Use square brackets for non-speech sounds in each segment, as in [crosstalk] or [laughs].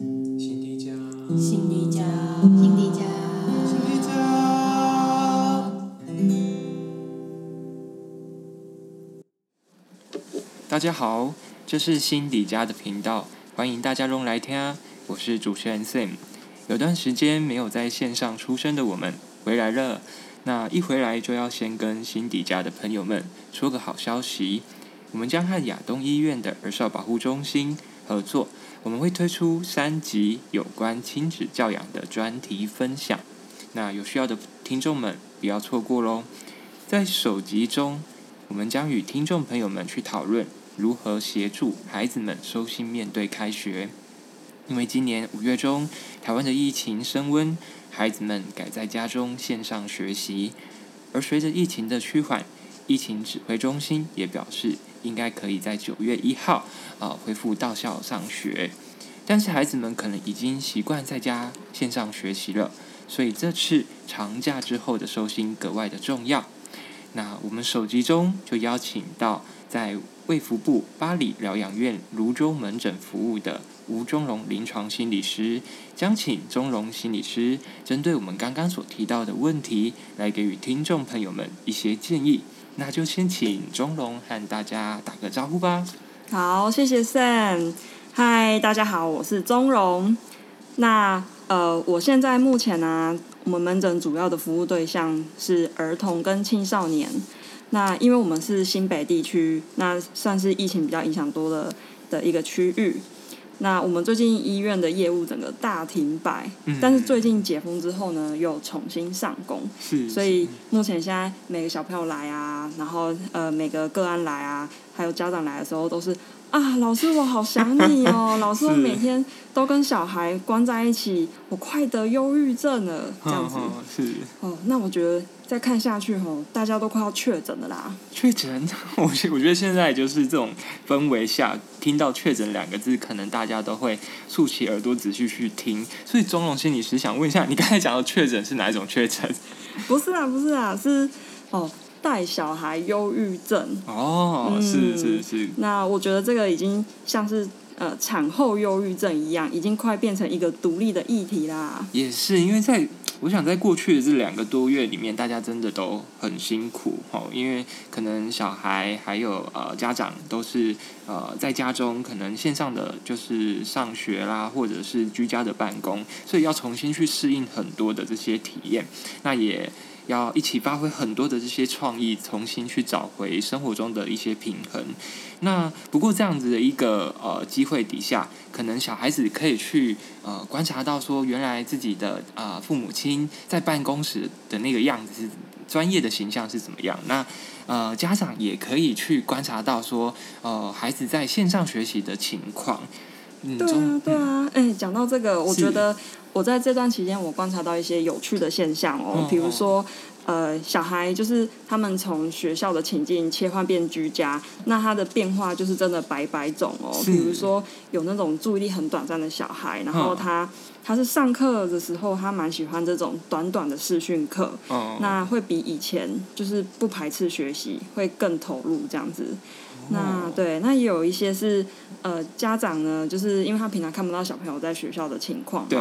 心底家，心底家。大家好，這是心底家的頻道，歡迎大家中來聽，我是主持人 Sam。有段時間沒有在線上出聲的我們回來了，那一回來就要先跟心底家的朋友們說個好消息，我們將和亞東醫院的兒少保護中心合作。我們會推出三集有關親子教養的專題分享，那有需要的聽眾們不要錯過嘍。在首集中，我們將與聽眾朋友們去討論如何協助孩子們收心，面對開學。因為今年五月中，台灣的疫情升溫，孩子們改在家中線上學習，而隨着疫情的趨緩，疫情指揮中心也表示。應該可以在九月一號，呃、啊，恢復到校上學，但是孩子們可能已經習慣在家線上學習了，所以這次長假之後的收心格外的重要。那我們首集中就邀請到在衛福部八里療養院蘆洲門診服務的吳宗蓉臨床心理師，將請宗蓉心理師針對我們剛剛所提到的問題，來給予聽眾朋友們一些建議。那就先請宗蓉和大家打個招呼吧。好，謝謝 Sam。Hi，大家好，我是宗蓉。那呃，我現在目前呢、啊，我們門診主要的服務對象是兒童跟青少年。那因為我們是新北地區，那算是疫情比較影響多的的一個區域。那我們最近醫院的業務整個大停擺，嗯、但是最近解封之後呢，又重新上工，是是是，所以目前現在每個小朋友來啊，然後呃每個個案來啊，還有家長來的時候都是。啊，老師，我好想你哦！老師，我每天都跟小孩關在一起，是我快得憂鬱症了，這樣子、嗯嗯、是哦、嗯。那我覺得再看下去吼、哦，大家都快要確診了啦。確診，我我覺得現在就是這種氛圍下，聽到“確診”兩個字，可能大家都會豎起耳朵仔細去聽。所以，宗蓉心理師，你是想問一下，你剛才講的“確診”是哪一種確診？不是啊，不是啊，是哦。嗯帶小孩憂鬱症哦，嗯、是是是。那我覺得這個已經像是呃產後憂鬱症一樣，已經快變成一個獨立的議題啦。也是因為在，在我想在過去的這兩個多月裡面，大家真的都很辛苦齁，因為可能小孩還有呃家長都是。呃，在家中可能線上的就是上學啦，或者是居家的辦公，所以要重新去適應很多的這些體驗，那也要一起發揮很多的這些創意，重新去找回生活中的一些平衡。那不過這樣子的一個呃機會底下，可能小孩子可以去呃觀察到說，原來自己的啊、呃、父母親在辦公室的那個樣子是。專業的形象是怎麼樣？那呃，家長也可以去觀察到說，呃，孩子在線上學習的情況。嗯，對啊，對啊，哎，講到這個，是我覺得我在這段期間，我觀察到一些有趣的現象哦，哦、比如說。呃，小孩就是他們從學校的情境切換變居家，那他的變化就是真的百百種哦。是比如說有那種注意力很短暫的小孩，然後他、哦、他是上課的時候，他蠻喜歡這種短短的視訊課，哦、那會比以前就是不排斥學習，會更投入這樣子。哦、那對，那也有一些是呃家長呢，就是因為他平常看不到小朋友在學校的情況嘛，對。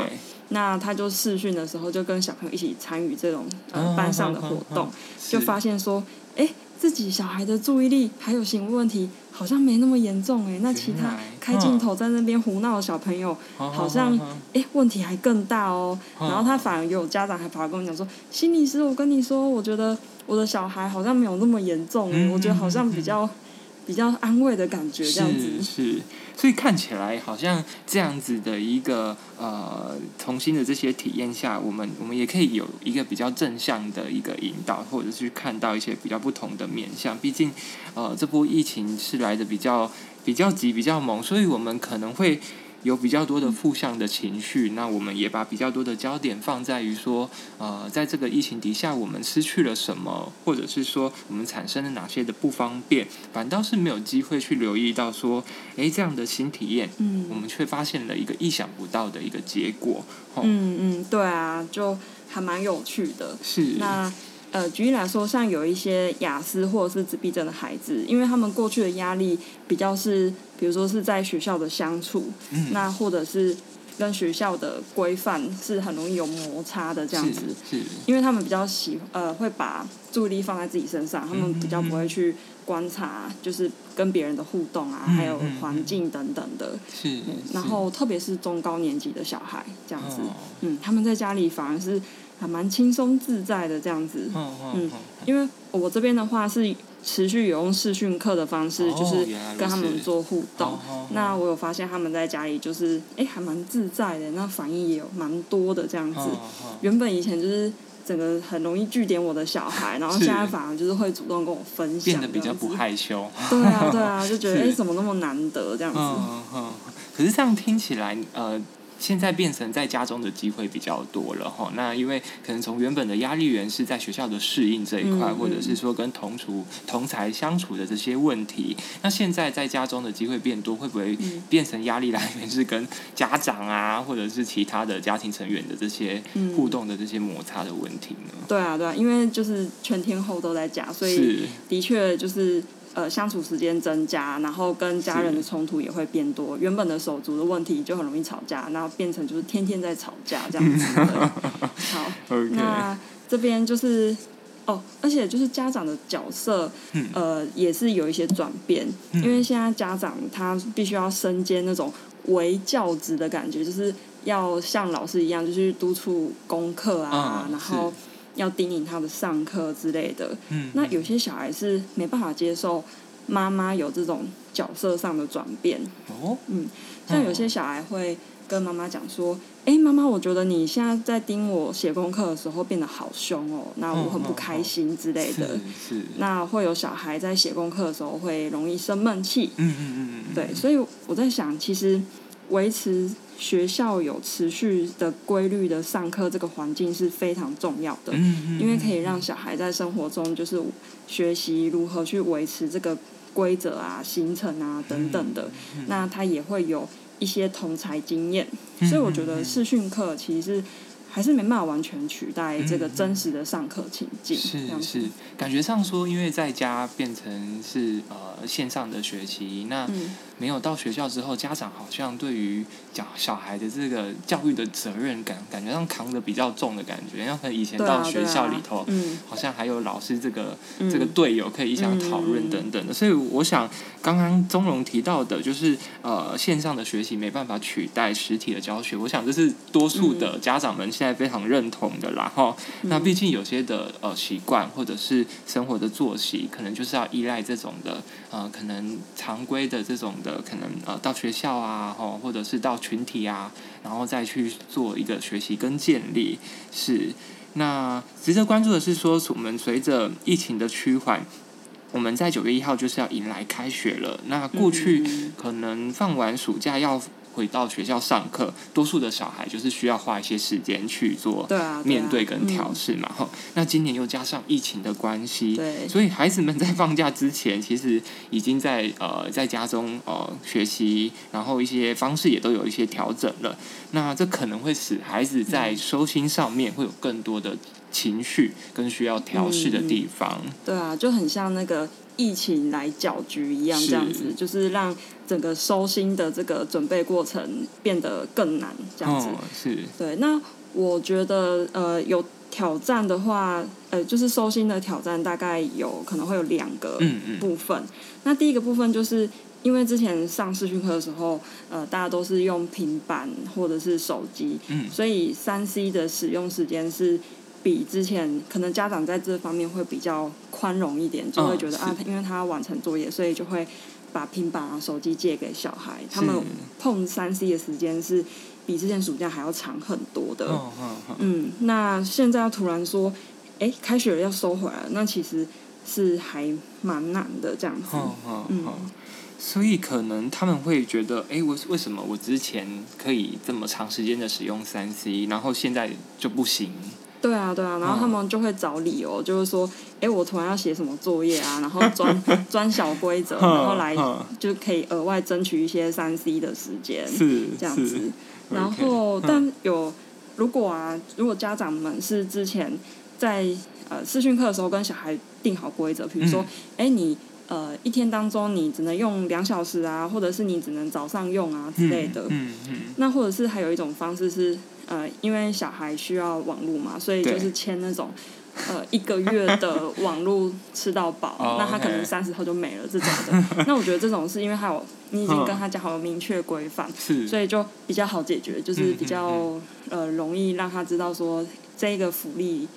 那他就視訊的時候，就跟小朋友一起參與這種呃班上的活動，就發現說，哎是、欸，自己小孩的注意力還有行為問題好像沒那麼嚴重誒、欸，那其他開鏡頭在那邊胡鬧的小朋友，好像哎、oh. 欸、問題還更大哦、喔。Oh, oh, oh, oh. 然後他反而有家長還跑來跟我講說，oh. 心理師，我跟你說，我覺得我的小孩好像沒有那麼嚴重，嗯、我覺得好像比較。比較安慰的感覺，這樣子是、是，所以看起來好像這樣子的一個呃，重新的這些體驗下，我們我們也可以有一個比較正向的一個引導，或者是看到一些比較不同的面向。畢竟呃，這波疫情是來得比較比較急、比較猛，所以我們可能會，有比較多的負向的情緒，嗯、那我們也把比較多的焦點放在於說，呃，在這個疫情底下，我們失去了什麼，或者是說我們產生了哪些的不方便，反倒是沒有機會去留意到說，哎、欸，這樣的新體驗，嗯，我們卻發現了一個意想不到的一個結果。嗯嗯，對啊，就還蠻有趣的。是那。呃，舉例來說，像有一些亞斯或者是自閉症的孩子，因為他們過去的壓力比較是，比如說是在學校的相處，嗯、那或者是跟學校的規範是很容易有摩擦的這樣子，是，是因為他們比較喜呃，會把注意力放在自己身上，嗯嗯嗯他們比較不會去觀察，就是跟別人的互動啊，嗯嗯嗯還有環境等等的，嗯、是，是、嗯，然後特別是中高年級的小孩這樣子，哦、嗯，他們在家裡反而是。還蠻輕鬆自在的這樣子，嗯，因為我這邊的話是持續有用視訊課的方式，就是跟他們做互動。那我有發現他們在家裡就是，哎，還蠻自在的，欸，那反應也有蠻多的這樣子。原本以前就是整個很容易句點我的小孩，然後現在反而就是會主動跟我分享，變得比較不害羞。對啊，對啊，啊、就覺得哎，怎麼那麼難得這樣子？可是這樣聽起來，呃。現在變成在家中的機會比較多了齁，那因為可能從原本的壓力源是在學校的適應這一塊，嗯嗯、或者是說跟同處同才相處的這些問題，那現在在家中的機會變多，會不會變成壓力來源是跟家長啊，嗯、或者是其他的家庭成員的這些互動的這些摩擦的問題呢？對啊對啊，因為就是全天候都在家，所以的確就是。呃，相處時間增加，然後跟家人的衝突也會變多，是原本的手足的問題就很容易吵架，然後變成就是天天在吵架這樣子的。 [laughs] 好，Okay. 那這邊就是哦，而且就是家長的角色，嗯、呃，也是有一些轉變，嗯、因為現在家長他必須要身兼那種為教職的感覺，就是要像老師一樣，就是督促功課啊，啊然後。要盯緊他的上課之類的，嗯、那有些小孩是沒辦法接受媽媽有這種角色上的轉變。哦，嗯，像有些小孩會跟媽媽講說：“誒、哦，媽媽、欸，我覺得你現在在盯我寫功課的時候變得好兇哦，那我很不開心之類的。哦哦哦”是，是那會有小孩在寫功課的時候會容易生悶氣、嗯。嗯嗯嗯嗯，對，所以我在想，其實。維持學校有持續的規律的上課這個環境是非常重要的，因為可以讓小孩在生活中就是學習如何去維持這個規則啊、行程啊，等等的。那他也會有一些同儕經驗，所以我覺得視訊課其實是。還是沒辦法完全取代這個真實的上課情境，嗯。是是，感覺上說，因為在家變成是呃線上的學習，那沒有到學校之後，家長好像對於小小孩的這個教育的責任感，感覺上扛得比較重的感覺。像以前到學校裡頭，啊啊、好像還有老師這個、嗯、這個隊友可以一起討論等等的。所以我想，剛剛宗蓉提到的，就是呃線上的學習沒辦法取代實體的教學。我想這是多數的家長們。現在非常認同的啦，吼，那畢竟有些的呃習慣或者是生活的作息，可能就是要依賴這種的呃，可能常規的這種的可能呃，到學校啊吼，或者是到群體啊，然後再去做一個學習跟建立是。那值得關注的是說，說我們隨着疫情的趨緩，我們在九月一號就是要迎來開學了。那過去可能放完暑假要。回到學校上課，多數的小孩就是需要花一些時間去做面對跟調適嘛。然後、啊啊嗯、那今年又加上疫情的關係，對，所以孩子們在放假之前，其實已經在呃在家中呃學習，然後一些方式也都有一些調整了。那這可能會使孩子在收心上面會有更多的。情緒跟需要調適的地方，嗯，對啊，就很像那個疫情來攪局一樣，這樣子是就是讓整個收心的這個準備過程變得更難，這樣子，哦，是。對，那我覺得呃有挑戰的話，呃就是收心的挑戰大概有可能會有兩個部分。嗯嗯那第一個部分就是因為之前上視訊課的時候，呃大家都是用平板或者是手機，嗯，所以三 C 的使用時間是。比之前可能家長在這方面會比較寬容一點，就會覺得啊，哦、因為他要完成作業，所以就會把平板啊、手機借給小孩。是他們碰三 C 的時間是比之前暑假還要長很多的。哦哦哦、嗯，那現在突然說，哎、欸，開學了要收回來了，那其實是還蠻難的這樣子。哦哦、嗯，所以可能他們會覺得，哎、欸，我為什麼我之前可以這麼長時間的使用三 C，然後現在就不行？對啊，對啊，然後他們就會找理由，就是說，哎，我突然要寫什麼作業啊，然後鑽鑽小規則，然後來就可以額外爭取一些三 C 的時間，是這樣子。然後，但有如果啊，如果家長們是之前在呃視訊課的時候跟小孩定好規則，比如說，哎，你呃一天當中你只能用兩小時啊，或者是你只能早上用啊之類的，那或者是還有一種方式是。呃，因為小孩需要網絡嘛，所以就是簽那種，對呃，一個月的網絡吃到飽， [laughs] 那他可能三十號就沒了這種的。Okay. [laughs] 那我覺得這種是因為他有，你已經跟他講好了明確規範，oh. 所以就比較好解決，是就是比較嗯嗯呃容易讓他知道說這個福利，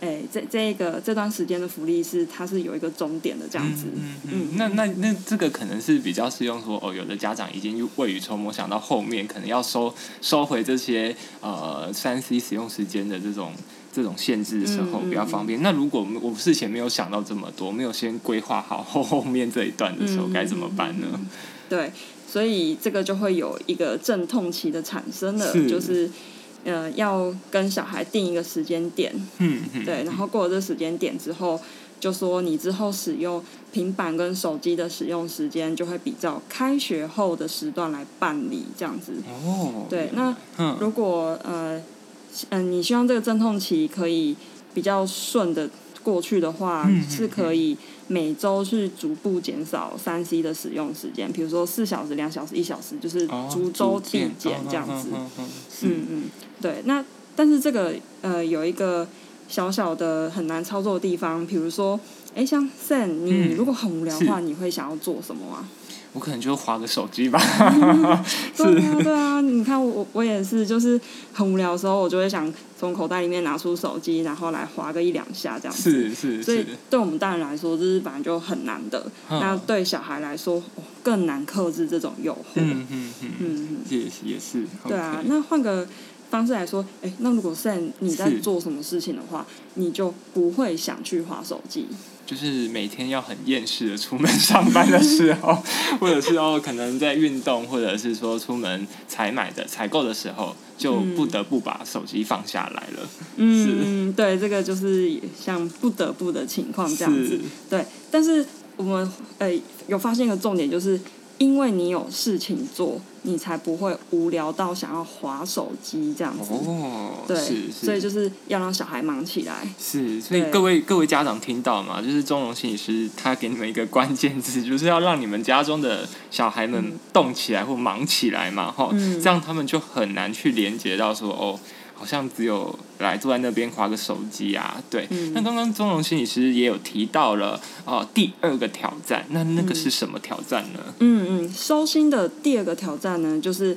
哎、欸，這這一個這段時間的福利是，它是有一個終點的這樣子。嗯嗯，嗯。那那那這個可能是比較適用說哦，有的家長已經有未雨綢繆，想到後面可能要收收回這些呃三 C 使用時間的這種這種限制的時候比較方便。嗯、那如果我事前沒有想到這麼多，沒有先規劃好後面這一段的時候該怎麼辦呢？嗯嗯嗯、對，所以這個就會有一個陣痛期的產生了，是就是。呃，要跟小孩定一個時間點，嗯嗯，嗯對，然後過了這時間點之後，就說你之後使用平板跟手機的使用時間就會比照開學後的時段來辦理這樣子。哦，對，嗯、那、嗯、如果呃，嗯、呃，你希望這個陣痛期可以比較順的過去的話，嗯嗯、是可以每周去逐步減少三 C 的使用時間，比如說四小時、兩小時、一小時，就是逐周遞減這樣子。嗯嗯。嗯嗯對，那但是這個呃有一個小小的很難操作的地方，比如說，哎，像 Sam 你如果很無聊的話，嗯、你會想要做什麼啊？我可能就滑個手機吧。對啊，對啊，你看我我也是，就是很無聊的時候，我就會想從口袋裡面拿出手機，然後來滑個一兩下這樣子是。是是，所以對我們大人來說，這是本來就很難的。哼那對小孩來說、哦，更難克制這種誘惑。嗯嗯嗯嗯，這也是也是。對啊，那換個。方式來說，哎、欸，那如果是你在做什麼事情的話，是你就不會想去滑手機。就是每天要很厭世的出門上班的時候， [laughs] 或者是哦，可能在運動，或者是說出門採買的採購的時候，就不得不把手機放下來了。嗯，是嗯，對，這個就是像不得不的情況這樣子。是對，但是我們哎、欸，有發現一個重點就是。因為你有事情做，你才不會無聊到想要滑手機這樣子。哦，對，是是，所以就是要讓小孩忙起來。是，所以各位對各位家長聽到嘛，就是宗蓉心理師他給你們一個關鍵字，就是要讓你們家中的小孩們動起來或忙起來嘛，哈、嗯，這樣他們就很難去連接到說，哦，好像只有。來坐在那邊滑個手機啊，對。嗯、那剛剛宗蓉心其實也有提到了，哦，第二個挑戰，那那個是什麼挑戰呢？嗯嗯，收心的第二個挑戰呢，就是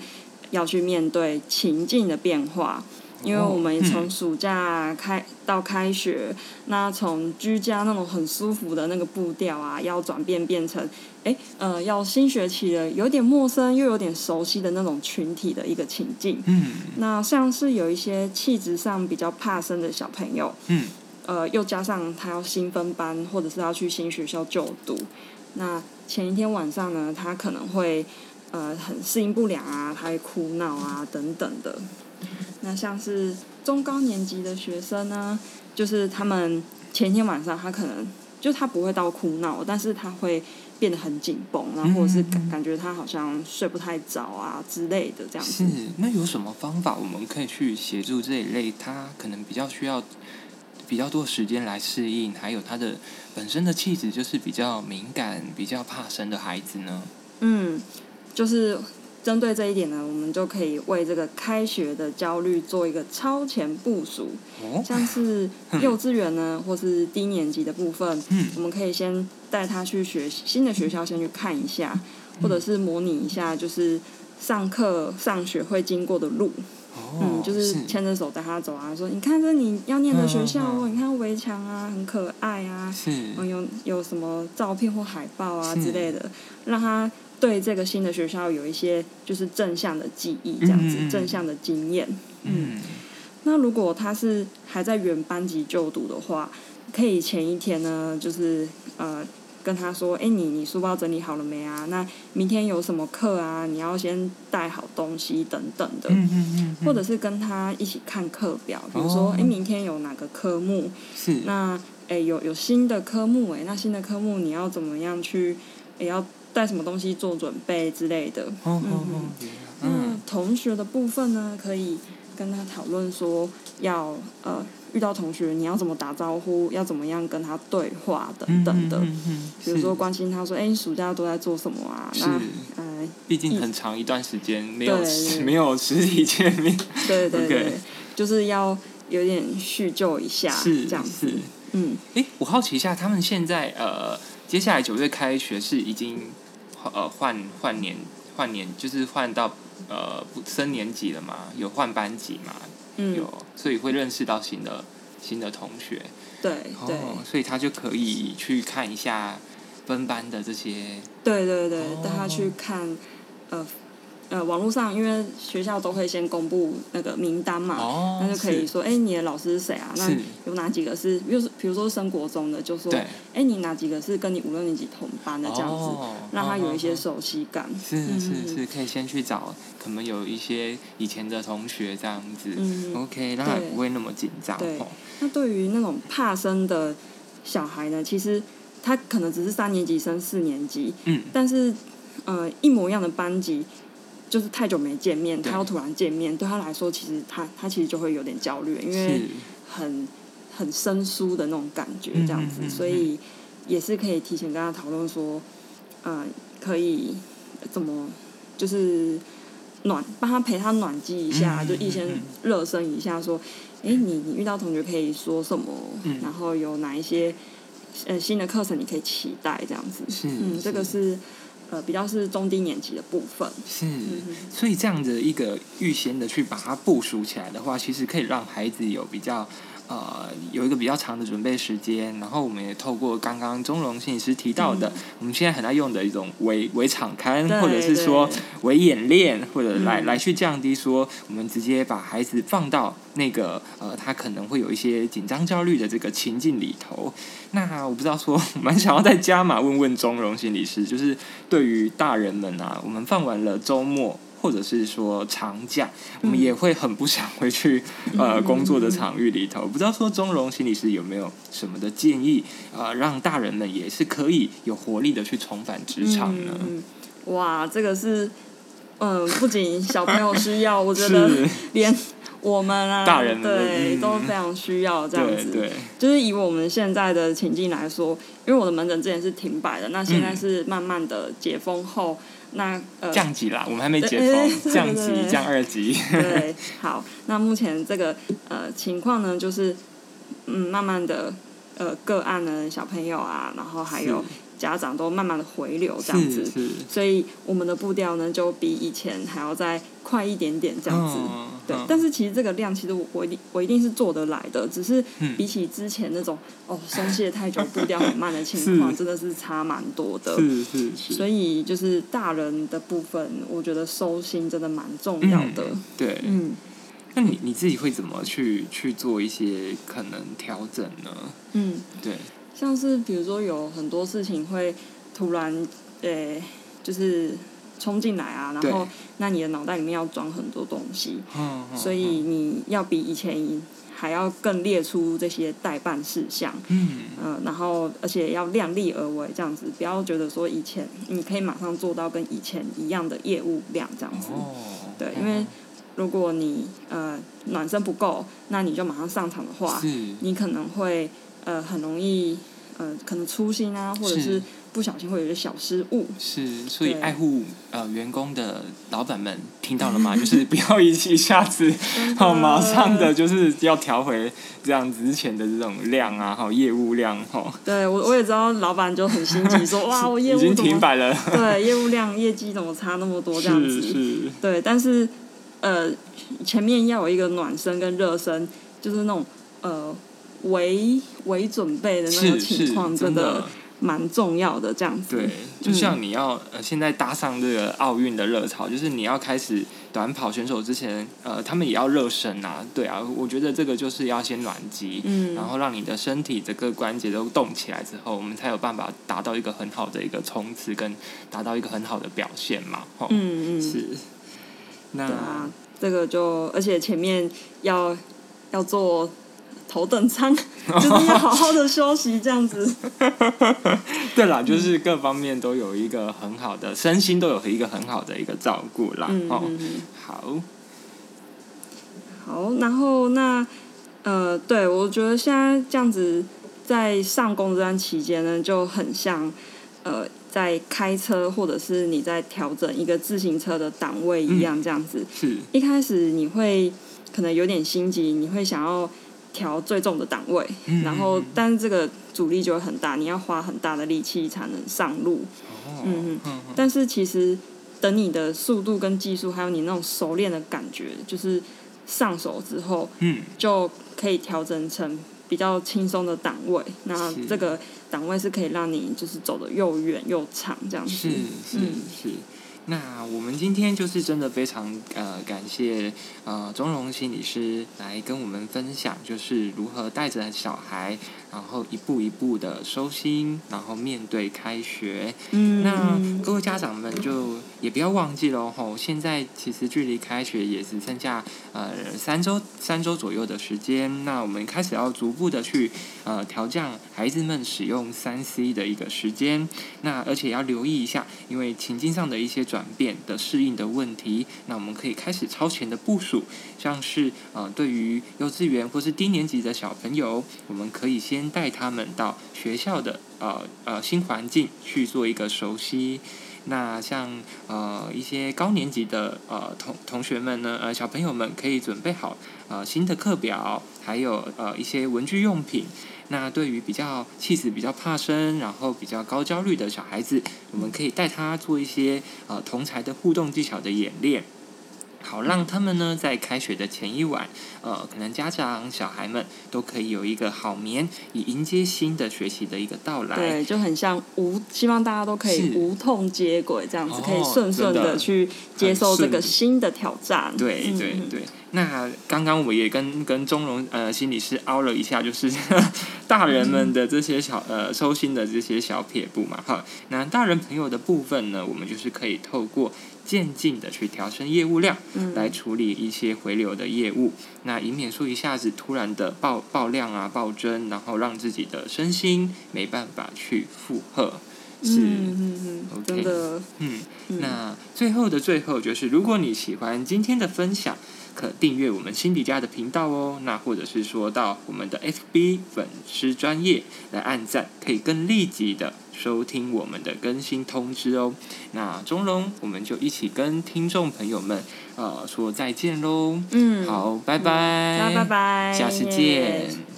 要去面對情境的變化。因為我們從暑假開到開學，哦，嗯、那從居家那種很舒服的那個步調啊，要轉變變成，哎、欸，呃，要新學期的有點陌生又有點熟悉的那種群體的一個情境。嗯，那像是有一些氣質上比較怕生的小朋友，嗯，呃，又加上他要新分班或者是要去新學校就讀，那前一天晚上呢，他可能會呃很適應不了啊，他會哭鬧啊等等的。那像是中高年級的學生呢，就是他們前一天晚上，他可能就他不會到哭鬧，但是他會變得很緊繃，然後或者是感，感覺他好像睡不太著，啊之類的這樣子。是，那有什麼方法我們可以去協助這一類他可能比較需要比較多時間來適應，還有他的本身的氣質就是比較敏感、比較怕生的孩子呢？嗯，就是。針對這一點呢，我們就可以為這個開學的焦慮做一個超前部署。哦、像是幼稚園呢，嗯、或是低年級的部分，嗯、我們可以先帶他去學新的學校，先去看一下，或者是模擬一下，就是上課上學會經過的路。哦、嗯，就是牽着手帶他走啊，說你看這你要念的學校哦，嗯、你看圍牆啊，很可愛啊。嗯是，有有什麼照片或海報啊之類的，是讓他對這個新的學校有一些就是正向的記憶，這樣子正向的經驗。嗯，嗯，嗯，那如果他是還在原班級就讀的話，可以前一天呢，就是呃跟他說：“哎，你你書包整理好了沒啊？那明天有什麼課啊？你要先帶好東西等等的。嗯”嗯嗯嗯。嗯或者是跟他一起看課表，比如說：“哎、哦，明天有哪個科目？是那哎有有新的科目哎，那新的科目你要怎麼樣去？也要。”帶什麼東西做準備之類的，嗯，同學的部分呢，可以跟他討論說，要呃遇到同學你要怎麼打招呼，要怎麼樣跟他對話等等的，比如說關心他說，哎，你暑假都在做什麼啊？那呃，畢竟很長一段時間沒有沒有實體見面，對對對，就是要有點敘舊一下，是這樣子，嗯，哎，我好奇一下，他們現在呃接下來九月開學是已經。呃，換換年換年就是換到呃升年級了嘛，有換班級嘛，嗯、有，所以會認識到新的新的同學，對對、哦，所以他就可以去看一下分班的這些，對對對，帶、哦、他去看，呃。呃，網絡上因為學校都會先公布那個名單嘛，那就可以說，哎，你的老師是誰啊？那有哪幾個是，比如說升國中的，就說，哎，你哪幾個是跟你五六年級同班的這樣子，讓他有一些熟悉感。是是是，可以先去找可能有一些以前的同學這樣子，OK，那他也不會那麼緊張。那對於那種怕生的小孩呢，其實他可能只是三年級升四年級，嗯，但是呃，一模一樣的班級。就是太久沒見面，他要突然見面，對，對他來說其實他他其實就會有點焦慮，因為很是很生疏的那種感覺，這樣子，嗯嗯嗯嗯，所以也是可以提前跟他討論說，嗯、呃，可以怎麼就是暖，幫他陪他暖機一下，嗯啊、就預先熱身一下，說，哎、嗯嗯嗯欸，你你遇到同學可以說什麼，嗯、然後有哪一些、呃、新的課程你可以期待這樣子，是嗯，這個是。呃，比較是中低年級的部分。是，嗯哼，所以這樣子一個預先的去把它部署起來的話，其實可以讓孩子有比較。呃，有一個比較長的準備時間，然後我們也透過剛剛宗蓉心理師提到的，我、嗯、們現在很愛用的一種“微微敞開對或者是說“微對演練”，或者來、嗯、來去降低說我們直接把孩子放到那個呃他可能會有一些緊張焦慮的這個情境裡頭。那我不知道說蠻想要再加碼問問宗蓉心理師，就是對於大人們啊，我們放完了周末。或者是說長假，嗯、我們也會很不想回去呃、嗯、工作的場域裡頭。不知道說宗蓉心理師有沒有什麼的建議，呃，讓大人們也是可以有活力的去重返職場呢、嗯？哇，這個是嗯，不僅小朋友需要， [laughs] 我覺得連我們啊，大人們對、嗯、都非常需要這樣子。對對，就是以我們現在的情境來說，因為我的門診之前是停擺的，那現在是慢慢的解封後。嗯那、呃、降級啦，我們還沒解封，降級。對對對，降二級。對，好，那目前這個呃情況呢，就是嗯，慢慢的呃個案呢，小朋友啊，然後還有家長都慢慢的回流這樣子，是是是，所以我們的步調呢，就比以前還要再快一點點這樣子。哦對，但是其實這個量，其實我我一定我一定是做得來的，只是比起之前那種哦，鬆懈太久，步調很慢的情況，真的是差蠻多的。是是是。所以就是大人的部分，我覺得收心真的蠻重要的。嗯、對，嗯。那你你自己會怎麼去去做一些可能調整呢？嗯，對，像是比如說有很多事情會突然，對、欸，就是。衝進來啊，然後對那你的腦袋裡面要裝很多東西，哦、所以你要比以前還要更列出這些待辦事項。嗯、呃，然後而且要量力而為，這樣子不要覺得說以前你可以馬上做到跟以前一樣的業務量，這樣子。哦、對，因為如果你呃暖身不夠，那你就馬上上場的話，是你可能會呃很容易呃可能粗心啊，或者是。是不小心會有一個小失誤，是，所以愛護對呃員工的老闆們聽到了嗎？ [laughs] 就是不要一氣下次、嗯喔，馬上的就是要調回這樣之前的這種量啊，然、喔、後業務量吼。喔、對，我我也知道老闆就很心急說，說 [laughs] 哇，我業務已經停擺了，對業務量業績怎麼差那麼多這樣子？是是。是對，但是呃前面要有一個暖身跟熱身，就是那種呃為為準備的那種情況，真的。蠻重要的這樣子，對，就像你要，嗯、呃現在搭上這個奧運的熱潮，就是你要開始短跑選手之前，呃，他們也要熱身啊，對啊，我覺得這個就是要先暖機，嗯，然後讓你的身體整個關節都動起來之後，我們才有辦法達到一個很好的一個衝刺跟達到一個很好的表現嘛，吼，嗯嗯，是，那，啊、這個就而且前面要要做，頭等艙就是要好好的休息，這樣子。 [laughs] 對啦，就是各方面都有一個很好的身心都有一個很好的一個照顧啦。嗯嗯、哦，好，好，然後那呃，對我覺得現在這樣子在上工這段期間呢，就很像呃，在開車或者是你在調整一個自行車的檔位一樣，這樣子。嗯、是，一開始你會可能有點心急，你會想要。調最重的檔位，嗯、然後但是這個阻力就會很大，你要花很大的力氣才能上路。嗯嗯，但是其實等你的速度跟技術，還有你那種熟練的感覺，就是上手之後，嗯，就可以調整成比較輕鬆的檔位。是，那這個檔位是可以讓你就是走得又遠又長這樣子。是是是。是，嗯，是那我們今天就是真的非常呃感謝呃宗蓉心理師來跟我們分享，就是如何帶着小孩，然後一步一步的收心，然後面對開學。嗯，那各位家長們就也不要忘記了哦，現在其實距離開學也只剩下呃三周三周左右的時間，那我們開始要逐步的去呃調降孩子們使用三 C 的一個時間，那而且要留意一下，因為情境上的一些轉。轉變的適應的問題，那我們可以開始超前的部署，像是呃，對於幼稚園或是低年級的小朋友，我們可以先帶他們到學校的呃呃新環境去做一個熟悉。那像呃一些高年級的呃同同學們呢，呃小朋友們可以準備好呃新的課表，還有呃一些文具用品。那對於比較氣質比較怕生，然後比較高焦慮的小孩子，我們可以帶他做一些呃同儕的互動技巧的演練。好，讓他們呢在開學的前一晚，呃，可能家長、小孩們都可以有一個好眠，以迎接新的學習的一個到來。對，就很像無，希望大家都可以無痛接軌，這樣子是可以順順的去接受這個新的挑戰。對對對。對對那剛剛我也跟跟宗蓉呃心理師凹了一下，就是大人們的這些小、嗯、呃收心的這些小撇步嘛哈。那大人朋友的部分呢，我們就是可以透過漸進的去調升業務量，嗯、來處理一些回流的業務，那以免說一下子突然的爆爆量啊爆增，然後讓自己的身心沒辦法去負荷、嗯。嗯嗯嗯，okay, 真的，嗯，嗯那最後的最後就是，如果你喜歡今天的分享。可訂閱我們心底家的頻道哦，那或者是說到我們的 FB 粉絲專頁來按贊，可以更立即的收聽我們的更新通知哦。那宗蓉，我們就一起跟聽眾朋友們啊、呃、說再見嘍。嗯，好，拜拜，嗯、拜拜，拜，下次見。